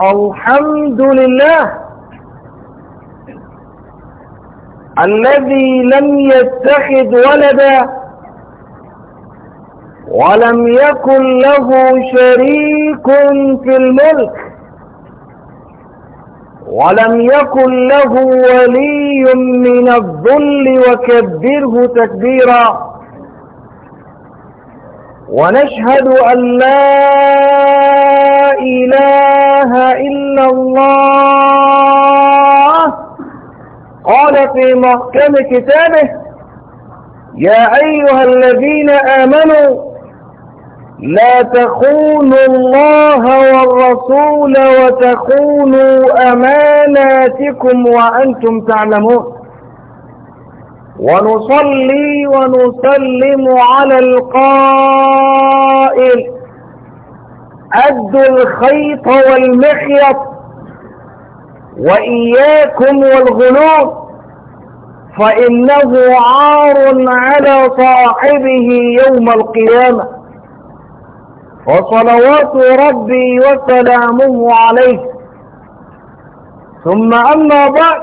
الحمد لله الذي لم يتخذ ولدا ولم يكن له شريك في الملك ولم يكن له ولي من الظل وكبره تكبيرا ونشهد أن لا إله إلا الله قال في محكم كتابه يا أيها الذين آمنوا لا تخونوا الله والرسول وتخونوا أماناتكم وأنتم تعلمون ونصلي ونسلم على القائل أدوا الخيط والمخيط وإياكم والغلو فإنه عار على صاحبه يوم القيامة وصلوات ربي وسلامه عليه ثم أما بعد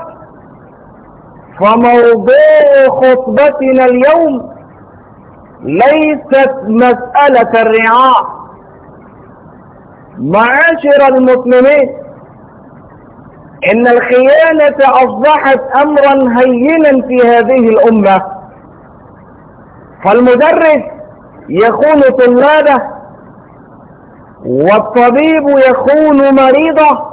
فموضوع خطبتنا اليوم ليست مسألة الرعاع معاشر المسلمين إن الخيانة أصبحت أمرا هينا في هذه الأمة فالمدرس يخون طلابه والطبيب يخون مريضه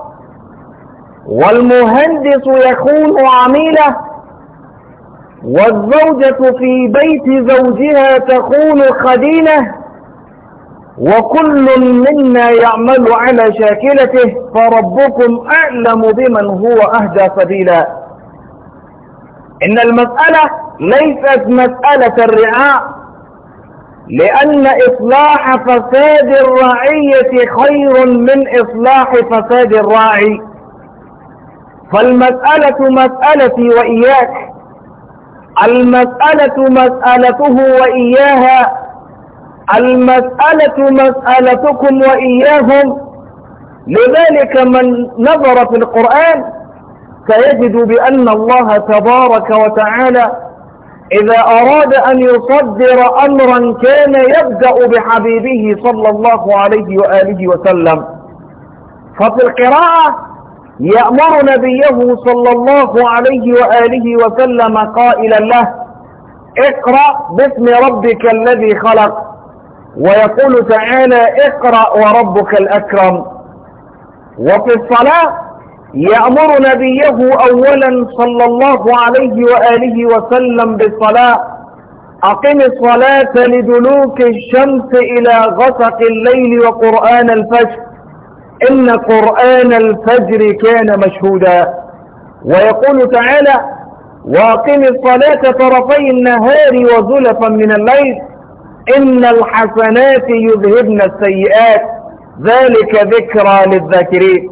والمهندس يخون عميله والزوجة في بيت زوجها تخون خدينه وكل منا يعمل على شاكلته فربكم أعلم بمن هو أهدى سبيلا إن المسألة ليست مسألة الرعاء لأن إصلاح فساد الرعية خير من إصلاح فساد الراعي فالمسألة مسألتي وإياك المسألة مسألته وإياها المسألة مسألتكم وإياهم لذلك من نظر في القرآن سيجد بأن الله تبارك وتعالى إذا أراد أن يصدر أمرا كان يبدأ بحبيبه صلى الله عليه وآله وسلم ففي القراءة يأمر نبيه صلى الله عليه وآله وسلم قائلا له اقرأ باسم ربك الذي خلق ويقول تعالى اقرأ وربك الأكرم وفي الصلاة يأمر نبيه أولا صلى الله عليه وآله وسلم بالصلاة أقم الصلاة لدلوك الشمس إلى غسق الليل وقرآن الفجر إن قرآن الفجر كان مشهودا ويقول تعالى وأقم الصلاة طرفي النهار وزلفا من الليل إن الحسنات يذهبن السيئات ذلك ذكرى للذاكرين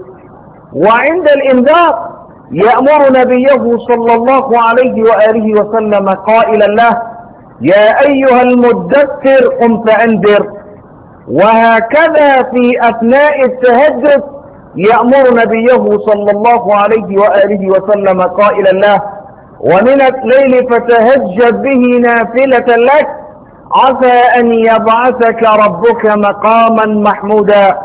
وعند الإنذار يأمر نبيه صلى الله عليه وآله وسلم قائلا له يا أيها المدثر قم فأنذر وهكذا في أثناء التهجد يأمر نبيه صلى الله عليه وآله وسلم قائلا له ومن الليل فتهجد به نافلة لك عسى أن يبعثك ربك مقاما محمودا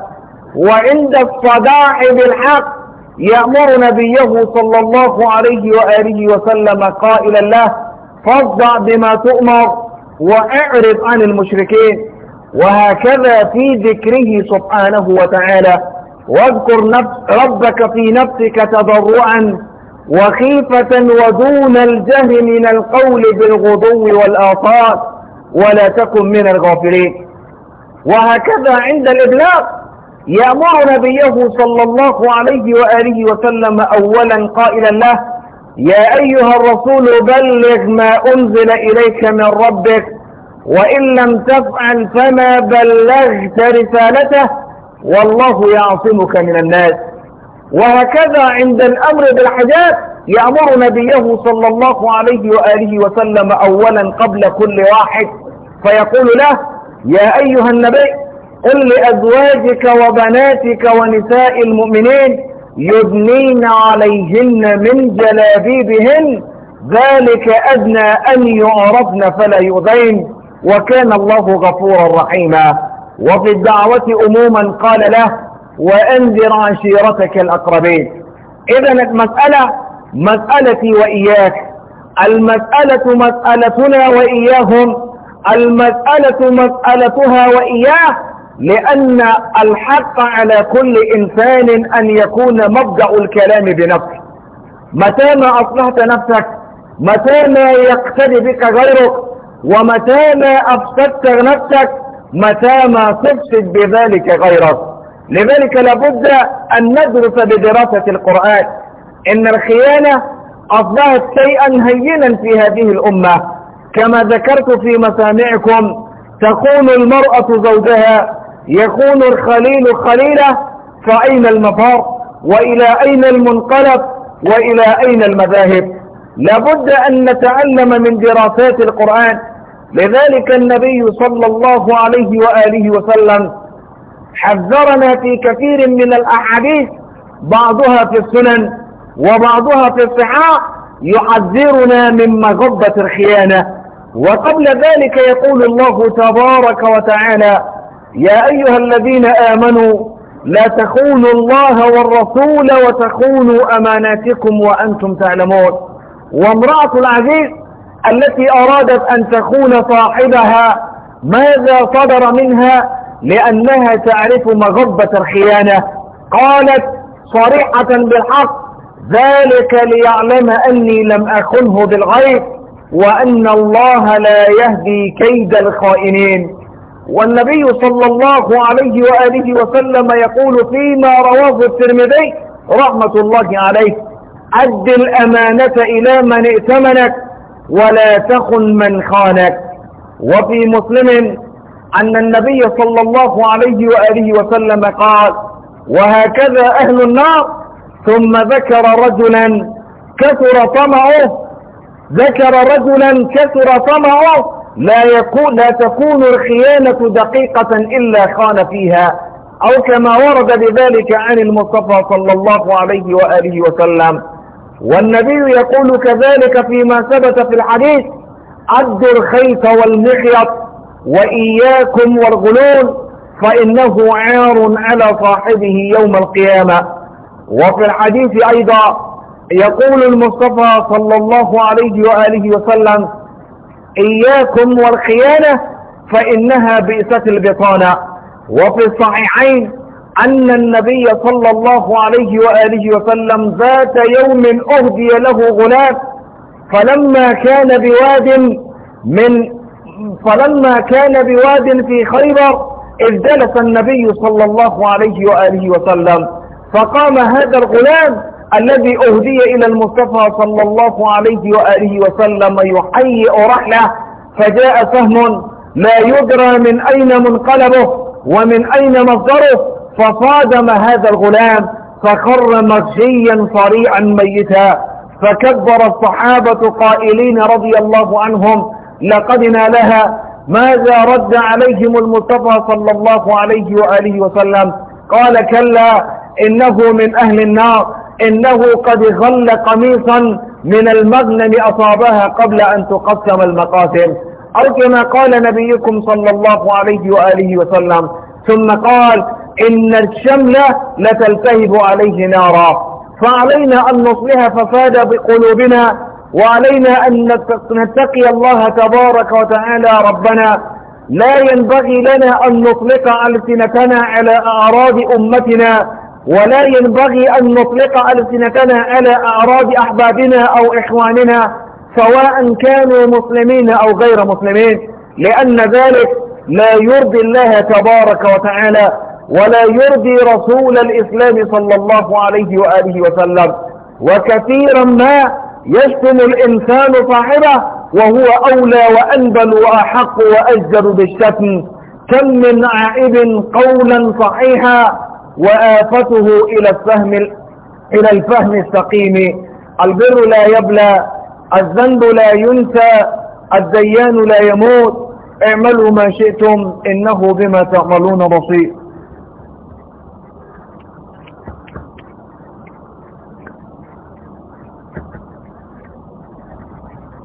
وعند الصداع بالحق يأمر نبيه صلى الله عليه وآله وسلم قائلا له فاصدع بما تؤمر وأعرض عن المشركين وهكذا في ذكره سبحانه وتعالى واذكر نفس ربك في نفسك تضرعا وخيفة ودون الجهل من القول بالغضو والآصال ولا تكن من الغافلين وهكذا عند الإبلاغ يأمر نبيه صلى الله عليه وآله وسلم أولا قائلا له يا أيها الرسول بلغ ما أنزل إليك من ربك وإن لم تفعل فما بلغت رسالته والله يعصمك من الناس وهكذا عند الأمر بالحجاب يأمر نبيه صلى الله عليه وآله وسلم أولا قبل كل واحد فيقول له يا أيها النبي قل لأزواجك وبناتك ونساء المؤمنين يبنين عليهن من جلابيبهن ذلك أدنى أن يعرفن فلا يؤذين وكان الله غفورا رحيما وفي الدعوة أموما قال له وأنذر عشيرتك الأقربين إذا المسألة مسألتي وإياك المسألة مسألتنا وإياهم المسألة مسألتها وإياه لأن الحق على كل إنسان أن يكون مبدأ الكلام بنفسه متى ما أصلحت نفسك متى ما يقتدي بك غيرك ومتى ما أفسدت نفسك متى ما تفسد بذلك غيرك لذلك لابد أن ندرس بدراسة القرآن إن الخيانة أصبحت شيئا هينا في هذه الأمة كما ذكرت في مسامعكم تكون المرأة زوجها يكون الخليل خليله فأين المفار وإلى أين المنقلب وإلى أين المذاهب لابد أن نتعلم من دراسات القرآن لذلك النبي صلى الله عليه وآله وسلم حذرنا في كثير من الأحاديث بعضها في السنن وبعضها في الصحاح يحذرنا من مغبة الخيانة وقبل ذلك يقول الله تبارك وتعالى يا أيها الذين آمنوا لا تخونوا الله والرسول وتخونوا أماناتكم وأنتم تعلمون وامرأة العزيز التي أرادت أن تخون صاحبها ماذا صدر منها لأنها تعرف مغبة الخيانة قالت صريحة بالحق ذلك ليعلم أني لم أخنه بالغيب وأن الله لا يهدي كيد الخائنين والنبي صلى الله عليه وآله وسلم يقول فيما رواه الترمذي رحمة الله عليه أد الأمانة إلى من ائتمنك ولا تخن من خانك وفي مسلم أن النبي صلى الله عليه وآله وسلم قال وهكذا أهل النار ثم ذكر رجلا كثر طمعه ذكر رجلا كثر طمعه لا, يكون لا تكون الخيانة دقيقة إلا خان فيها أو كما ورد بذلك عن المصطفى صلى الله عليه وآله وسلم والنبي يقول كذلك فيما ثبت في الحديث عد الخيط والمخيط وإياكم والغلول فإنه عار على صاحبه يوم القيامة وفي الحديث أيضا يقول المصطفى صلى الله عليه وآله وسلم إياكم والخيانة فإنها بئسة البطانة وفي الصحيحين أن النبي صلى الله عليه وآله وسلم ذات يوم أهدي له غلام فلما كان بواد من فلما كان بواد في خيبر إذ جلس النبي صلى الله عليه وآله وسلم فقام هذا الغلام الذي أهدي إلى المصطفى صلى الله عليه وآله وسلم يحيئ رحله فجاء سهم لا يدرى من أين منقلبه ومن أين مصدره فصادم هذا الغلام فخر مغشيا صريعا ميتا فكبر الصحابة قائلين رضي الله عنهم لقد نالها ماذا رد عليهم المصطفى صلى الله عليه وآله وسلم قال كلا إنه من أهل النار إنه قد غل قميصا من المغنم أصابها قبل أن تقسم المقاسم أو كما قال نبيكم صلى الله عليه وآله وسلم ثم قال إن الشمل لتلتهب عليه نارا فعلينا أن نصلح ففاد بقلوبنا وعلينا أن نتقي الله تبارك وتعالى ربنا لا ينبغي لنا أن نطلق ألسنتنا على أعراض أمتنا ولا ينبغي أن نطلق ألسنتنا على أعراض أحبابنا أو إخواننا سواء كانوا مسلمين أو غير مسلمين لأن ذلك لا يرضي الله تبارك وتعالى ولا يرضي رسول الإسلام صلى الله عليه وآله وسلم وكثيرا ما يشتم الإنسان صاحبه وهو أولى وأنبل وأحق وأجدر بالشتم كم من عائب قولا صحيحا وآفته إلى الفهم إلى الفهم السقيم البر لا يبلى الذنب لا ينسى الديان لا يموت اعملوا ما شئتم إنه بما تعملون بصير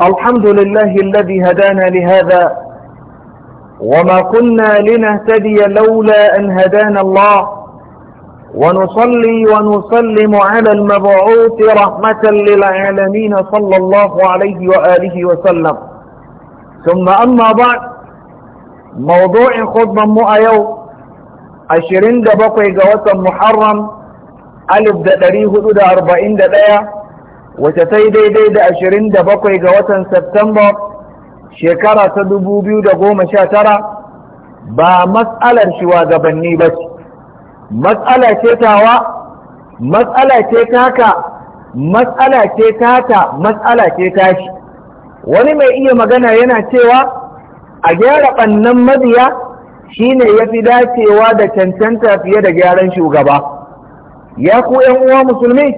الحمد لله الذي هدانا لهذا وما كنا لنهتدي لولا أن هدانا الله ونصلي ونسلم على المبعوث رحمة للعالمين صلى الله عليه وآله وسلم ثم أما بعد موضوع خطبة مؤيو عشرين دبقي جوات محرم ألف دقري هدود أربعين دي دي ديد عشرين دبقي جوات سبتمبر شكرة بيو دقوم شاترة با مسألة بني بس matsala ce tawa matsala ce taka matsala ce taka matsala ce tashi wani mai iya magana yana cewa a gyara ɓannan mabiya shine ya fi dacewa da cancanta fiye da gyaran shugaba ya ku ‘yan uwa musulmi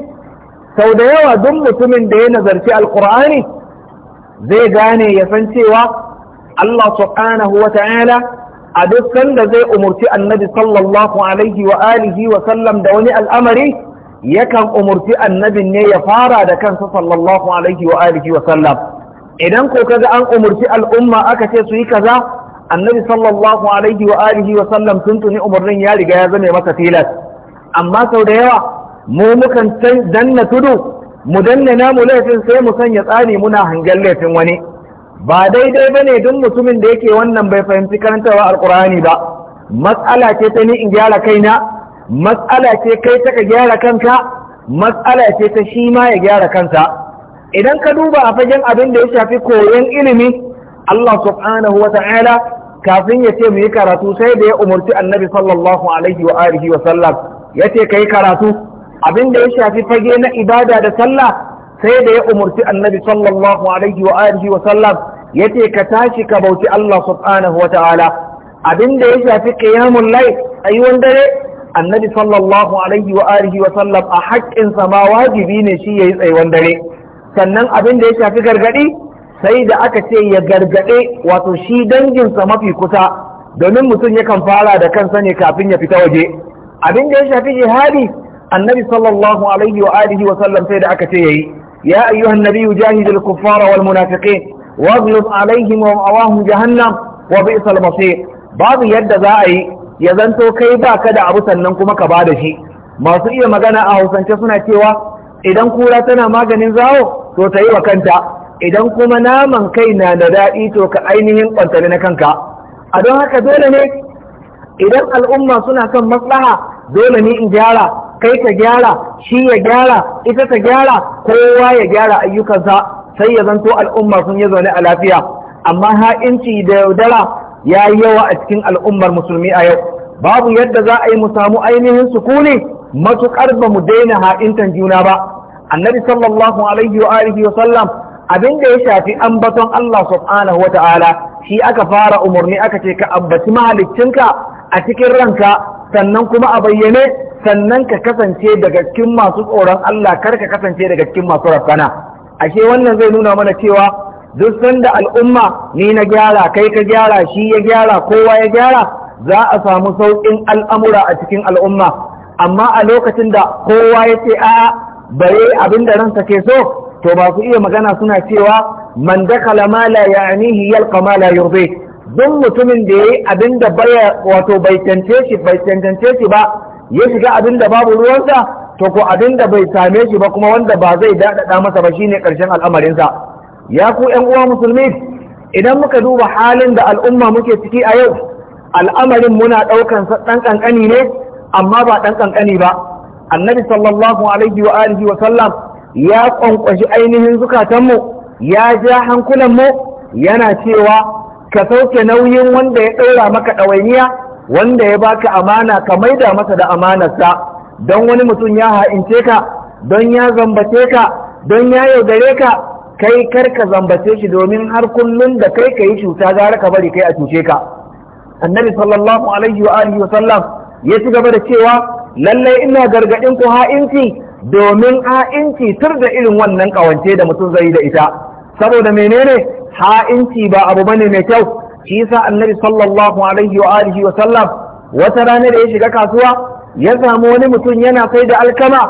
sau da yawa duk mutumin da ya nazarci alkur'ani zai gane ya san cewa Allah subhanahu wa ta'ala a duk sanda zai umurci annabi sallallahu alaihi wa alihi wa sallam da wani al'amari yakan umurci annabin ne ya fara da kansa sallallahu alaihi wa alihi wa sallam idan ko kaga an umurci al'umma aka ce su yi kaza annabi sallallahu alaihi wa alihi wa sallam sun tuni umarnin ya riga ya zame masa tilas amma sau da yawa mu mukan danna tudu mu danna namu laifin sai mu sanya tsani muna hangen laifin wani ba daidai ba ne duk mutumin da yake wannan bai fahimci karantarwa alkur'ani ba matsala ce ta ni in gyara kaina matsala ce kai ta ka gyara kanka matsala ce ta shi ma ya gyara kansa idan ka duba a fagen abin da ya shafi koyon ilimi Allah subhanahu wa ta'ala kafin ya ce mu yi karatu sai da ya umarci annabi sallallahu alaihi wa alihi wa sallam ya ce ka yi karatu abin da ya shafi fage na ibada da sallah sai da ya umarci annabi sallallahu alaihi wa alihi wa sallam yace ka tashi ka bauci Allah subhanahu wa ta'ala abinda ya shafi qiyamul layl ayyuwan dare annabi sallallahu alaihi wa alihi wa sallam a haƙƙin sa ma wajibi ne shi yayi tsayuwan dare sannan abinda ya shafi gargadi sai da aka ce ya gargade wato shi danginsa mafi kusa domin mutum yakan fara da kansa ne kafin ya fita waje abinda ya shafi jihadi annabi sallallahu alaihi wa alihi wa sallam sai da aka ce yayi يا أيها النبي جاهد الكفار والمنافقين واغلظ عليهم ومأواهم جهنم وبئس المصير بعض يد ذاعي يزنتو كي باك دعبو سننكم كبادشي ما سئي مغانا أهو سنشسنا تيوا إذن كولا تنا مغانين زاو تو تأيوا كنتا idan kuma naman kai na da daɗi to ka ainihin kwantare na kanka a don haka dole ne idan al'umma suna kan maslaha dole ne in gyara kai ka gyara shi ya gyara ita ta gyara kowa ya gyara ayyukansa sai ya zanto al'umma sun yi zaune a lafiya amma ha'inci da yaudara ya yi yawa a cikin al'ummar musulmi a yau babu yadda za a yi mu samu ainihin sukuni matuƙar ba mu daina ha'intan juna ba annabi sallallahu alaihi wa alihi wa sallam abin da ya shafi ambaton Allah subhanahu wa ta'ala shi aka fara umarni aka ce ka ambaci mahaliccinka a cikin ranka sannan kuma a bayyane sannan ka kasance daga cikin masu tsoron Allah kar ka kasance daga cikin masu rafana ashe wannan zai nuna mana cewa duk sanda al'umma ni na gyara kai ka gyara shi ya gyara kowa ya gyara za a samu sauƙin al'amura a cikin al'umma amma a lokacin da kowa ya ce a'a bare abin da ransa ke so to masu iya magana suna cewa man dakala ma la ya'nihi yalqa ma la yurdih duk mutumin da ya abin da baya wato bai tantance shi bai cancance shi ba ya shiga abin da babu ruwansa to ko abin da bai same shi ba kuma wanda ba zai daɗaɗa masa ba shine ƙarshen al'amarinsa ya ku ƴan uwa musulmi idan muka duba halin da al'umma muke ciki a yau al'amarin muna ɗaukan ɗan ƙanƙani ne amma ba ɗan ƙanƙani ba annabi sallallahu alaihi wa alihi wa sallam ya ƙwanƙwashi ainihin zukatanmu ya ja hankulanmu yana cewa ka sauke nauyin wanda ya ɗaura maka ɗawainiya wanda ya baka amana ka maida masa da amanarsa don wani mutum ya ha'ince ka don ya zambace ka don ya yaudare ka kai kar ka zambace shi domin har kullum da kai ka yi cuta gara ka bari kai a cuce ka annabi sallallahu alaihi wa alihi wa sallam ya ci gaba da cewa lallai ina gargaɗin ku ha'inci domin ha'inci tur da irin wannan ƙawance da mutum zai da ita saboda menene ha'inci ba abu bane mai kyau shi yasa annabi sallallahu alaihi wa alihi wa sallam wata rana da ya shiga kasuwa ya samu wani mutum yana sai da alkama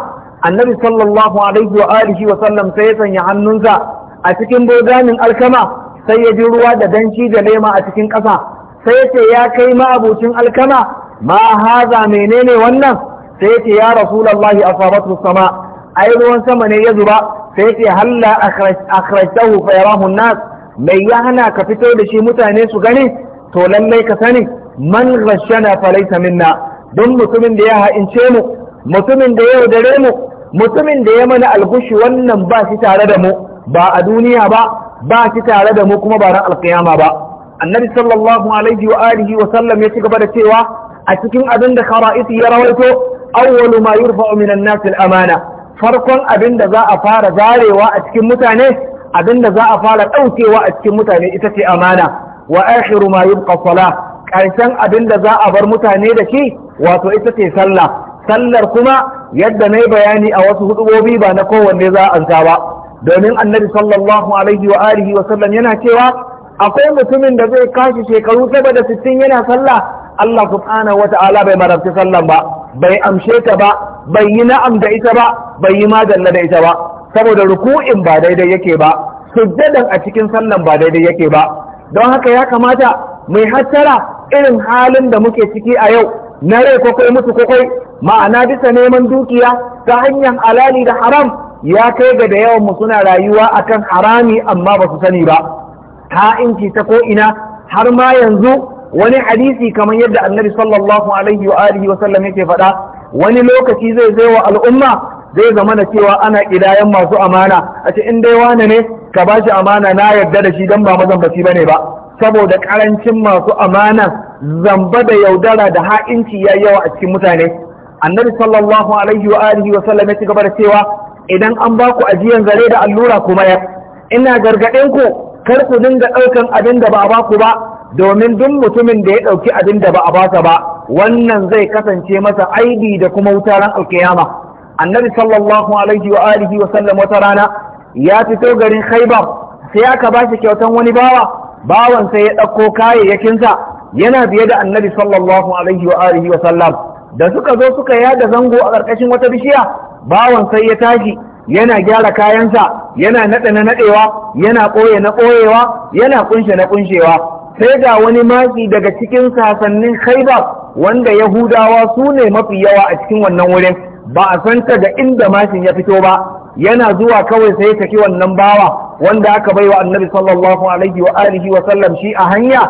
annabi sallallahu alaihi wa alihi wa sallam sai ya sanya hannunsa a cikin bozanin alkama sai ya ji ruwa da danci da lema a cikin ƙasa sai ce ya kai ma'abucin alkama ma haza menene wannan sai ce ya rasulullahi asabatu sama ai ruwan sama ne ya zuba sai ce halla akhrajtahu fa yarahu an-nas mai ya hana ka fito da shi mutane su gani to lallai ka sani man rashana fa laysa minna don mutumin da ya ha'ince mu mutumin da ya dare mu mutumin da ya mana algushi wannan ba shi tare da mu ba a duniya ba ba shi tare da mu kuma ba ran alkiyama ba annabi sallallahu alaihi wa alihi wa sallam ya ci gaba da cewa a cikin abin da khara'iti ya rawaito awwalu ma yurfa'u min an-nas al-amana farkon abin da za a fara zarewa a cikin mutane abin da za a fara ɗaukewa a cikin mutane ita ce amana wa akhiru ma yubqa salah karshen abin da za a bar mutane da shi wato ita ce sallah sallar kuma yadda mai bayani a wasu hudubobi ba na kowanne za a ba domin annabi sallallahu alaihi wa alihi wa sallam yana cewa akwai mutumin da zai kashi shekaru saba da sittin yana sallah Allah subhanahu wa ta'ala bai marabci sallan ba bai amshe ta ba bai yi na'am da ita ba bai yi madalla da ita ba saboda ruku'in ba daidai yake ba sujjadan a cikin sallan ba daidai yake ba don haka ya kamata mai hattara irin halin da muke ciki a yau na rai kwakwai mutu kwakwai ma'ana bisa neman dukiya ta hanyar alali da haram ya kai ga da yawan mu suna rayuwa akan harami amma ba su sani ba inci ta ko'ina, har ma yanzu wani hadisi kamar yadda annabi sallallahu alaihi wa alihi wa sallam yake faɗa wani lokaci zai zai wa al'umma zai zama na cewa ana kidayan masu amana a ce in dai wane ne ka ba shi amana na yarda da shi dan ba mazambaci bane ba saboda karancin masu amana zamba da yaudara da ha'inci ya yawa a cikin mutane annabi sallallahu alaihi wa alihi wa sallam ya ci gaba da cewa idan an ba ku ajiyan zare da allura kuma ya ina gargaɗin ku kar ku dinga ɗaukan abin da ba a ba ku ba domin duk mutumin da ya ɗauki abin da ba a basa ba wannan zai kasance masa aibi da kuma ran alkiyama annabi sallallahu alaihi wa alihi wa sallam wata rana ya fito garin khaibar sai aka bashi kyautan wani bawa bawan sai ya ɗauko kayayyakinsa yana biye da annabi sallallahu alaihi wa alihi wa sallam da suka zo suka yada zango a ƙarƙashin wata bishiya bawan sai ya tashi yana gyara kayansa yana naɗa na naɗewa yana ɓoye na ɓoyewa yana ƙunshe na ƙunshewa sai ga wani matsi daga cikin sasannin khaibar wanda yahudawa su ne mafi yawa a cikin wannan wurin ba a santa ga inda mashin ya fito ba yana zuwa kawai sai ya wannan bawa wanda aka baiwa annabi sallallahu alaihi wa alihi wa sallam shi a hanya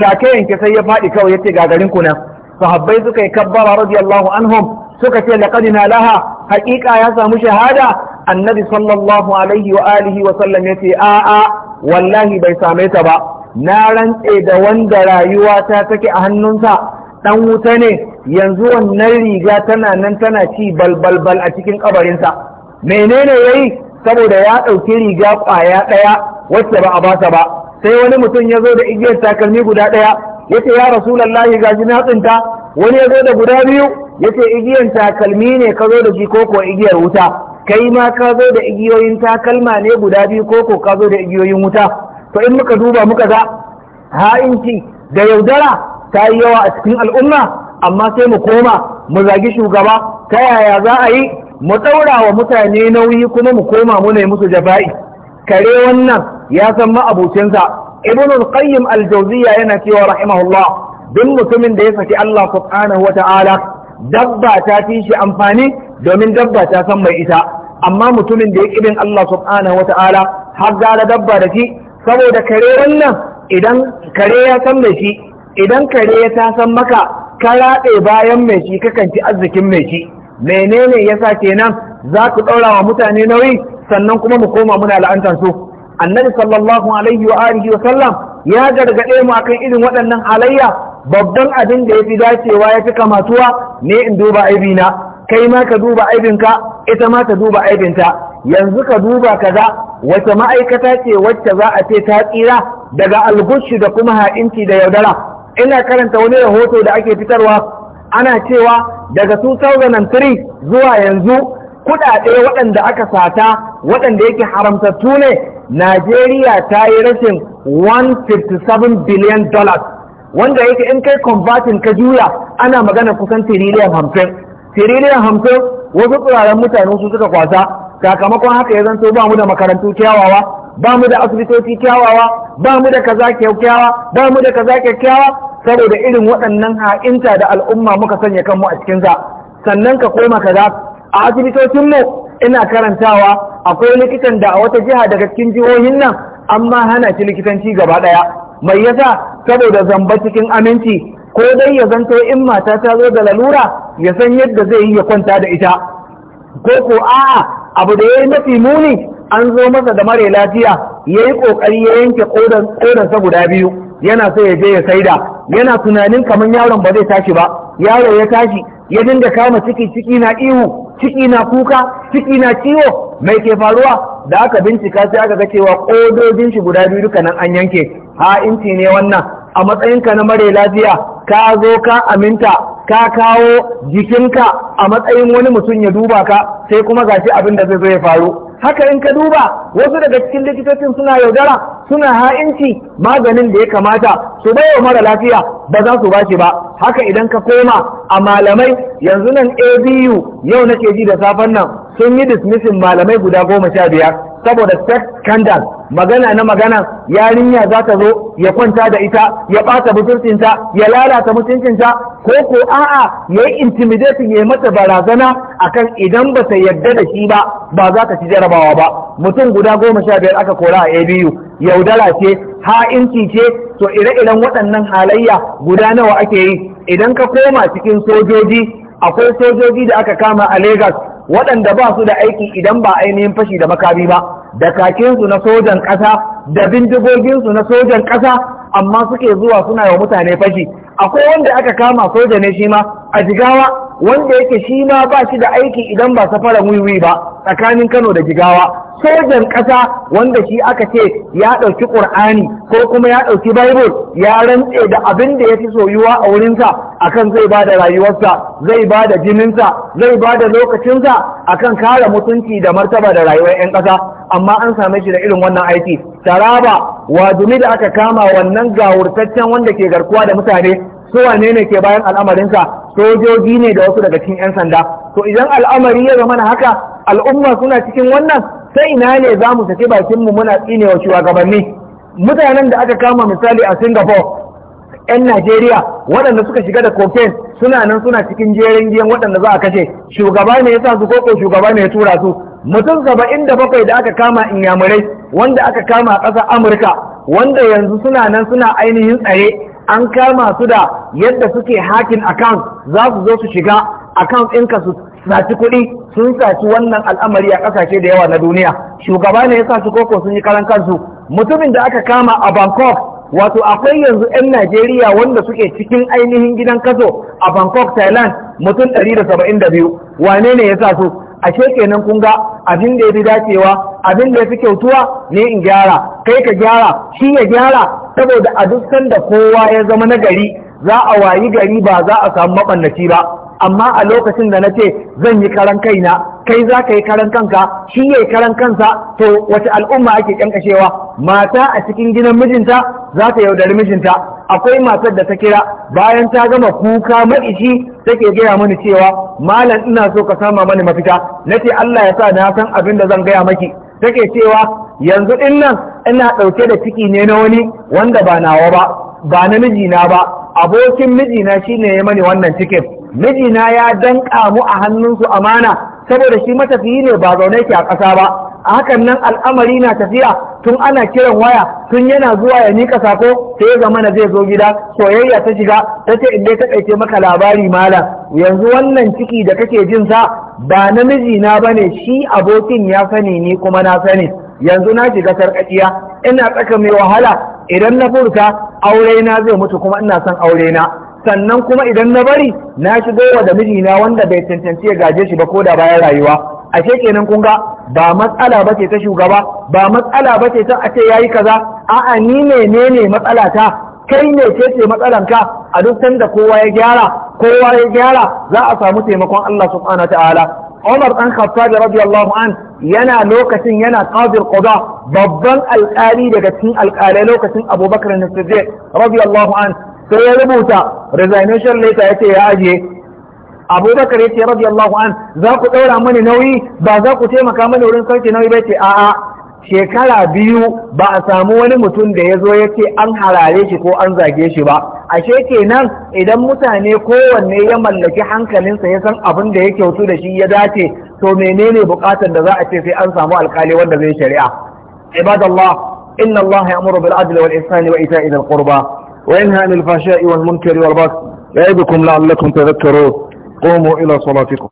take yanke sai ya faɗi kawai yace ga garin ku sahabbai suka yi kabbara radiyallahu anhum suka ce laqad laha haƙiƙa ya samu shahada annabi sallallahu alaihi wa alihi wa sallam yace a a wallahi bai same ta ba na rantse da wanda rayuwa ta take a hannunsa dan wuta ne yanzu wannan riga tana nan tana ci balbalbal a cikin kabarinsa menene yayi saboda ya ɗauki riga kwaya ɗaya wacce ba a basa ba sai wani mutum ya zo da igiyar takalmi guda ɗaya ya ce ya rasulullahi ga na tsinta wani ya zo da guda biyu yace igiyar takalmi ne ka zo da shi ko igiyar wuta kai ma ka zo da igiyoyin takalma ne guda biyu ko ka zo da igiyoyin wuta to in muka duba muka ga ha'inci da yaudara ta yi yawa a cikin al'umma amma sai mu koma mu zagi shugaba ta yaya za a yi mu ɗaura wa mutane nauyi kuma mu koma mu ne musu jaba'i kare wannan ya san ma'abucinsa ibn al-qayyim al yana cewa rahimahullah duk mutumin da ya saki Allah subhanahu wata'ala dabba ta fi shi amfani domin dabba ta san mai ita amma mutumin da ya kibin Allah subhanahu wata'ala har gara dabba da shi saboda kare wannan idan kare ya san mai shi idan kare ya ta san maka ka raɗe bayan mai shi kakan ci arzikin mai shi menene yasa kenan za ku ɗaura wa mutane nauyi sannan kuma mu koma muna la'antar su annabi sallallahu alaihi wa alihi wa sallam ya gargaɗe mu akan irin waɗannan halayya babban abin da ya fi dacewa ya fi kamatuwa ne in duba aibina kai ma ka duba aibinka ita ma ta duba aibinta yanzu ka duba kaza wace ma'aikata ce wacce za a ce ta tsira daga algushi da kuma ha'inci da yaudara ina karanta wani rahoto da ake fitarwa ana cewa daga 2003 zuwa yanzu kuɗaɗe waɗanda aka sata waɗanda yake haramtattu ne Najeriya ta yi rashin 157 billion dollars wanda yake in kai converting ka juya ana magana kusan tiriliyan hamsin tiriliyan hamsin wasu tsiraren mutane su suka kwasa sakamakon haka ya zanto ba mu da makarantu kyawawa ba mu da asibitoci kyawawa ba mu da kaza kyakkyawa ba mu da kaza kyakkyawa saboda irin waɗannan ha'inta da al'umma muka sanya kanmu a cikin za sannan ka koma kaza a asibitocin mu ina karantawa akwai likitan da a wata jiha daga cikin jihohin nan amma hana shi likitanci gaba ɗaya mai yasa saboda zamba cikin aminci ko dai ya zanto in mata ta zo da lalura ya san yadda zai yi ya kwanta da ita ko ko a'a abu da ya yi mafi muni an zo masa da mare lafiya ya yi ƙoƙari ya yanke ƙodansa guda biyu yana so ya je ya saida yana tunanin kamar yaron ba zai tashi ba yaro ya tashi ya dinga kama ciki ciki na ihu ciki na kuka ciki na ciwo mai ke faruwa da aka bincika sai aka ga cewa kodojin shi guda biyu duka nan an yanke ha inci ne wannan a matsayinka na mare lafiya ka zo ka aminta ka kawo jikinka a matsayin wani mutum ya duba ka sai kuma gashi abin da zai zo ya faru haka in ka duba wasu daga cikin likitocin suna yaudara suna ha'inci maganin da ya kamata su wa mara lafiya ba za su shi ba haka idan ka koma a malamai yanzu nan abu yau nake ji da safen nan sun yi dismissing malamai guda goma sha biyar saboda sex scandal magana na magana yarinya za ta zo ya kwanta da ita ya ɓata mutuncinta ya lalata mutuncinta ko ko a'a ya yi intimidating ya yi mata barazana akan idan ba ta yarda da shi ba ba za ta ci jarabawa ba mutum guda goma sha biyar aka kora a abu yaudara ce ha'inci ce to ire-iren waɗannan halayya guda nawa ake yi idan ka koma cikin sojoji akwai sojoji da aka kama a Legas waɗanda ba su da aiki idan ba ainihin fashi da makami ba da kakinsu na sojan ƙasa da bindigoginsu na sojan ƙasa amma suke zuwa suna wa mutane fashi akwai wanda aka kama soja ne shi ma a jigawa wanda yake shi ma ba shi da aiki idan ba safaran wiwi ba tsakanin Kano da Jigawa sojan ƙasa wanda shi aka ce ya ɗauki ƙur'ani ko kuma ya ɗauki bible ya rantse da abin da ya fi soyuwa a wurinsa akan zai ba da rayuwarsa zai ba da jininsa zai ba da lokacinsa akan kare mutunci da martaba da rayuwar 'yan ƙasa amma an same shi da irin wannan aiki taraba wa da aka kama wannan gawurtaccen wanda ke garkuwa da mutane su wane ne ke bayan al'amarinsa sojoji ne da wasu daga cikin 'yan sanda to idan al'amari ya zama na haka al'umma suna cikin wannan sai ina ne za mu saki bakinmu muna tsine tsinewa shugabanni mutanen da aka kama misali a singapore 'yan Najeriya waɗanda suka shiga da cocaine suna nan suna cikin jerin giyan waɗanda za a kashe shugaba ne ya sa su koko shugaba ne ya tura su mutum saba'in da bakwai da aka kama inyamurai wanda aka kama a ƙasar Amurka wanda yanzu suna nan suna ainihin tsaye. an kama su da yadda suke hakin account za su zo su shiga account ɗinka su saci kuɗi sun saci wannan al'amari a ƙasashe da yawa na duniya shugaba ne ya saci koko sun yi karan kansu mutumin da aka kama a bangkok wato akwai yanzu 'yan najeriya wanda suke cikin ainihin gidan kaso a bangkok thailand mutum 172 wane ne ya sa su ashe kenan kunga, ga abin da ya fi dacewa abin da ya fi kyautuwa ne in gyara kai ka gyara shi ya gyara saboda a duk sanda kowa ya zama na gari za a wayi gari ba za a samu mabannaci ba amma a lokacin da na ce zan yi karan kaina kai za ka yi karan kanka shi ya yi karan kansa to wace al'umma ake kyankashewa mata a cikin gidan mijinta za ta yaudari mijinta akwai matar da ta kira bayan ta gama kuka ta take gaya mani cewa malam ina so ka sama mani mafita na ce Allah ya sa na san abin da zan gaya maki take cewa yanzu din nan ina ɗauke da ciki ne na wani wanda ba nawa ba ba na mijina ba abokin mijina shine ya mani wannan cikin mijina ya danƙa mu a hannunsu amana saboda shi matafiyi ne ba zaune ke a ƙasa ba a hakan nan al'amari na tafiya tun ana kiran waya tun yana zuwa ya nika sako sai ya zamana zai zo gida soyayya ta shiga ta ce in dai ta kaice maka labari malam. yanzu wannan ciki da kake jin sa ba namiji na bane shi abokin ya sani ni kuma na sani yanzu na shiga sarƙaƙiya ina tsaka mai wahala idan na furta aure na zai mutu kuma ina son aure na sannan kuma idan na bari na shigo wa da mijina wanda bai cancanci ya gaje shi ba ko da bayan rayuwa ashe kenan kun ga ba matsala ba ce ta shugaba ba matsala ba ce ta a ce yayi kaza a'a ni menene matsala ta kai ne ce ce matsalanka a duk sanda kowa ya gyara kowa ya gyara za a samu taimakon Allah subhanahu ta'ala Umar dan Khattab radiyallahu an yana lokacin yana qadir qada babban alƙali daga cikin alƙalai lokacin Abubakar Bakar Siddiq radiyallahu an sai ya rubuta resignation letter ya ce ya ajiye abubakar ya ce radiyallahu an za ku ɗaura mani nauyi ba za ku taimaka mani wurin sauke nauyi ba ce a'a shekara biyu ba a samu wani mutum da ya zo ya ce an harare shi ko an zage shi ba ashe kenan idan mutane kowanne ya mallaki hankalinsa ya san abin da ya kyautu da shi ya dace to menene bukatar da za a ce sai an samu alkali wanda zai shari'a ibadallah inna allaha ya'muru bil adli wal ihsani wa ita'i dhil qurba وينهى عن الفحشاء والمنكر والبغي يعظكم لعلكم تذكرون قوموا إلى صلاتكم